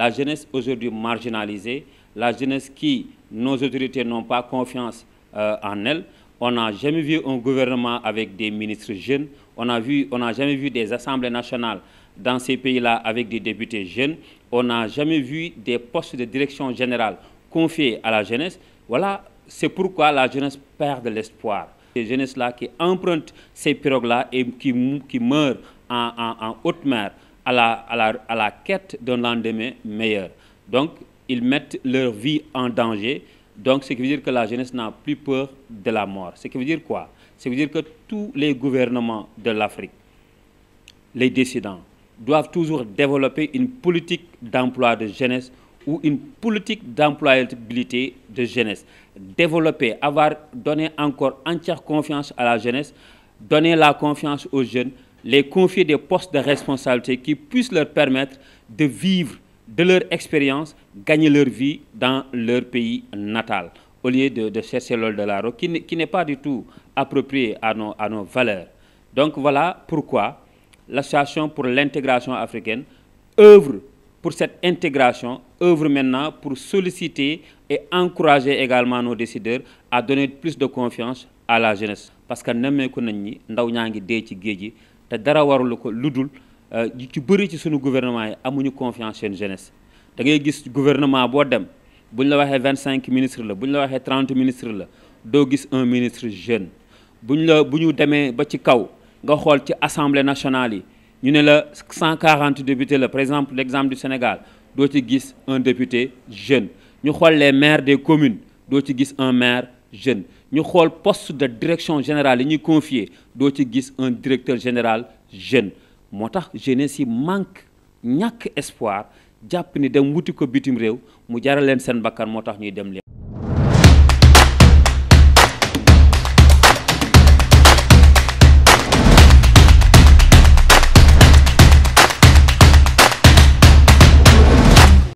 la jeunesse aujourd'hui marginalisée, la jeunesse qui, nos autorités n'ont pas confiance euh, en elle. On n'a jamais vu un gouvernement avec des ministres jeunes. On n'a jamais vu des assemblées nationales dans ces pays-là avec des députés jeunes. On n'a jamais vu des postes de direction générale confiés à la jeunesse. Voilà, c'est pourquoi la jeunesse perd de l'espoir. Ces jeunesses-là qui empruntent ces pirogues-là et qui, qui meurent en, en, en haute mer, à la, à la, à la quête d'un lendemain meilleur. Donc, ils mettent leur vie en danger. Donc, ce qui veut dire que la jeunesse n'a plus peur de la mort. Ce qui veut dire quoi Ça veut que tous les gouvernements de l'Afrique, les décidents, doivent toujours développer une politique d'emploi de jeunesse ou une politique d'employabilité de jeunesse. Développer, avoir donné encore entière confiance à la jeunesse, donner la confiance aux jeunes, les confier des postes de responsabilité qui puissent leur permettre de vivre de leur expérience, gagner leur vie dans leur pays natal, au lieu de, de chercher l'ol de la roue, qui n'est pas du tout approprié à nos, à nos valeurs. Donc voilà pourquoi l'Association pour l'intégration africaine œuvre pour cette intégration, œuvre maintenant pour solliciter et encourager également nos décideurs à donner plus de confiance à la jeunesse. Parce que nous avons te dara warul ko lu dul euh, ñu ci bëri ci suñu gouvernement yi amuñu confiance seen jeunesse da ngay gis gouvernement boo dem bu ñu la waxee vingt cinq ministres la bu ñu la waxee trente ministres la doo gis un ministre jeune bu ñu la bu ñu demee ba ci kaw nga xool ci assemblée nationale yi ñu ne la cent quarante députés la par exemple l'exemple du Sénégal doo ci gis un député jeune ñu xoolee maire maires des communes doo ci gis un maire jeunes ñu xool poste de direction générale yi ñuy confier doo ci gis un directeur général jeune moo tax jeunesse yi manque ñàkk espoir jàpp ni dem wuti ko bitim réew mu jaral leen seen bakkan moo tax ñuy dem leen